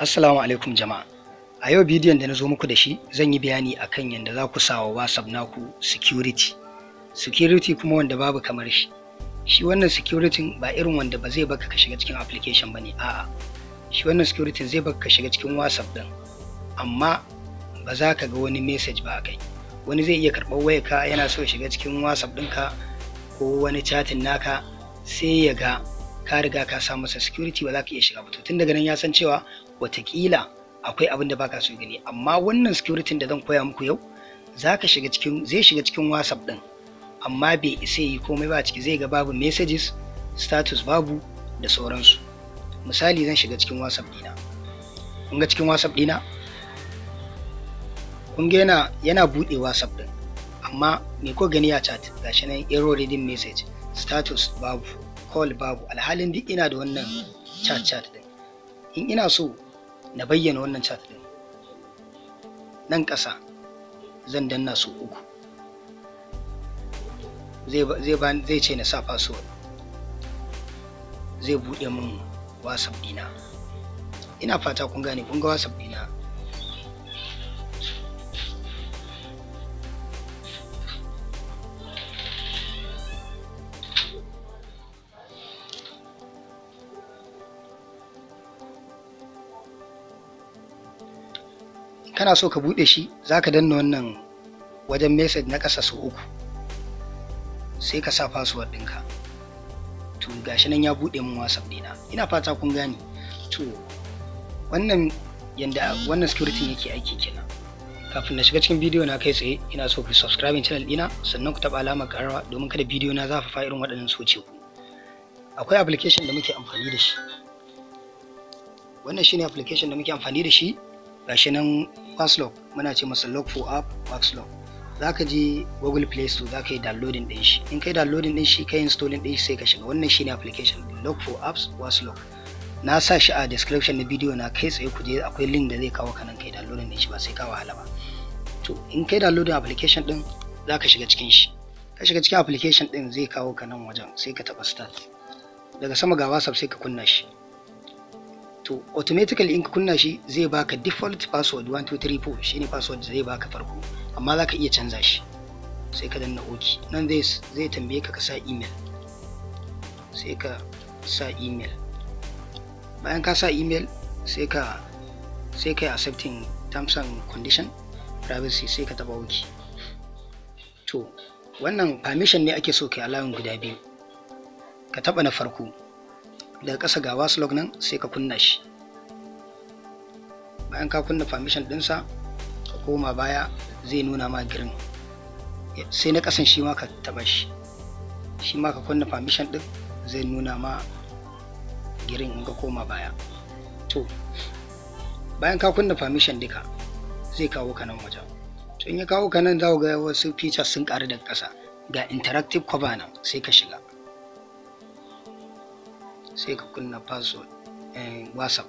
Assalamu alaikum jama'a. A yau bidiyon da na zo muku da shi zan yi bayani akan yadda za ku sa wa WhatsApp naku security. Security kuma wanda babu kamar shi. Shi wannan security ba irin wanda ba zai baka ka shiga cikin application bane a'a. Shi wannan security zai baka ka shiga cikin WhatsApp din. Amma ba za ka ga wani message ba kai. Wani zai iya karɓar wayarka yana so ya shiga cikin WhatsApp ɗinka ko wani chatting naka sai ya ga ka riga ka sa masa security ba za ka iya shiga ba to tun daga nan ya san cewa watakila akwai abin da baka so gani amma wannan security da zan koya muku yau za ka shiga cikin zai shiga cikin whatsapp din amma bai isa yi komai ba ciki zai ga babu messages status babu da sauransu misali zan shiga cikin whatsapp dina kun ga cikin whatsapp dina kun ga yana yana buɗe whatsapp din amma me ko gani ya chat gashi nan error reading message status babu hall babu alhalin duk ina da wannan chat chat din in ina so na bayyana wannan chat din nan ƙasa zan danna su uku zai ce na sa password zai buɗe min whatsapp dina ina fata kun gane kun ga whatsapp dina kana so ka buɗe shi za ka danna wannan wajen message na kasa su uku sai ka sa password ɗinka to gashi nan ya buɗe mun whatsapp dina ina fata kun gani to wannan yanda wannan security yake aiki kenan kafin na shiga cikin bidiyo na kai tsaye ina so ku subscribe channel dina sannan ku taɓa alamar ƙararwa domin kada bidiyo na fa irin waɗannan soce ku akwai application da muke amfani da shi wannan shine application da muke amfani da shi gashi nan Waxlock muna ce masa log for app za zaka je Google Play Store ka yi downloading din shi in kai downloading din shi kai installing din shi sai ka shiga wannan shine application log for apps Waxlock na sa shi a description na bidiyo na kai tsaye ku je akwai link da zai kawo kanan kai downloading din shi ba sai ka wahala ba to in kai downloading application din ka shiga cikin shi ka shiga cikin application din zai kawo kanan wajen sai ka taba start daga sama ga WhatsApp sai ka kunna shi to automatically in ka kunna shi zai baka default password 1234 shine password zai baka farko amma za ka iya canza shi sai ka danna ok nan zai tambaye ka ka sa email sai ka sa email bayan ka sa email sai ka sai ka accepting terms and condition privacy sai ka taba ok to wannan permission ne ake so kai allowing guda biyu ka taba na farko daga ƙasa ga log nan sai ka kunna shi bayan ka kunna permission ɗinsa ka koma baya zai nuna ma girin sai na ƙasan shi ma ka taɓa shi shi ma ka kunna permission ɗin zai nuna ma girin in ka koma baya to bayan ka kunna permission duka zai kawo ka nan wajen to in ya kawo ka nan za ga wasu features sun ƙaru daga ƙasa ga interactive cover nan sai ka shiga sai ka kunna password eh, whatsapp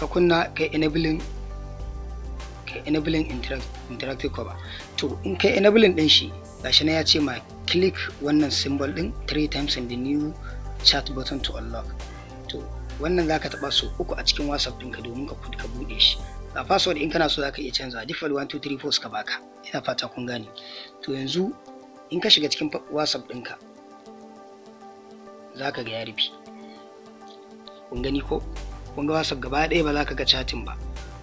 ka kunna kai enabling kai enabling interactive cover to in kai enabling din shi gashi na ya ce ma click wannan symbol din three times in the new chat button to unlock to wannan za ka taba so uku a cikin whatsapp ɗinka domin ka ka buɗe shi a password in kana so za ka iya canza default 4 suka baka ina fata kun gane to yanzu in ka shiga cikin whatsapp ɗinka za ka ga ya rufe kun gani ko kun ga whatsapp gaba ɗaya ba za ka ga chatin ba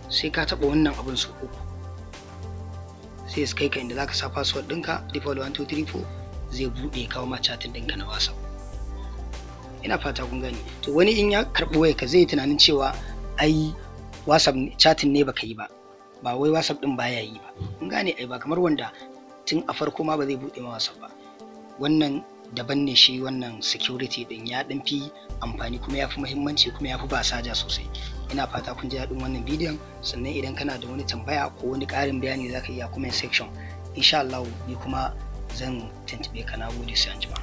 sai ka taɓa wannan abin su uku sai su kai ka inda za ka sa password ɗinka default 1234 zai buɗe kawo ma chatin ɗinka na whatsapp ina fata kun gani to wani in ya karɓi waya ka zai tunanin cewa ai whatsapp chatin ne baka yi ba ba wai whatsapp ɗin baya yi ba kun gane ai ba kamar wanda tun a farko ma ba zai buɗe ma whatsapp ba wannan daban ne shi wannan security din ya ɗan amfani kuma ya fi muhimmanci kuma ya fi ba saja sosai ina fata kun ji daɗin wannan bidiyon sannan idan kana da wani tambaya ko wani ƙarin bayani za ka iya comment section insha Allah ni kuma zan tantube ka na gode sai anjima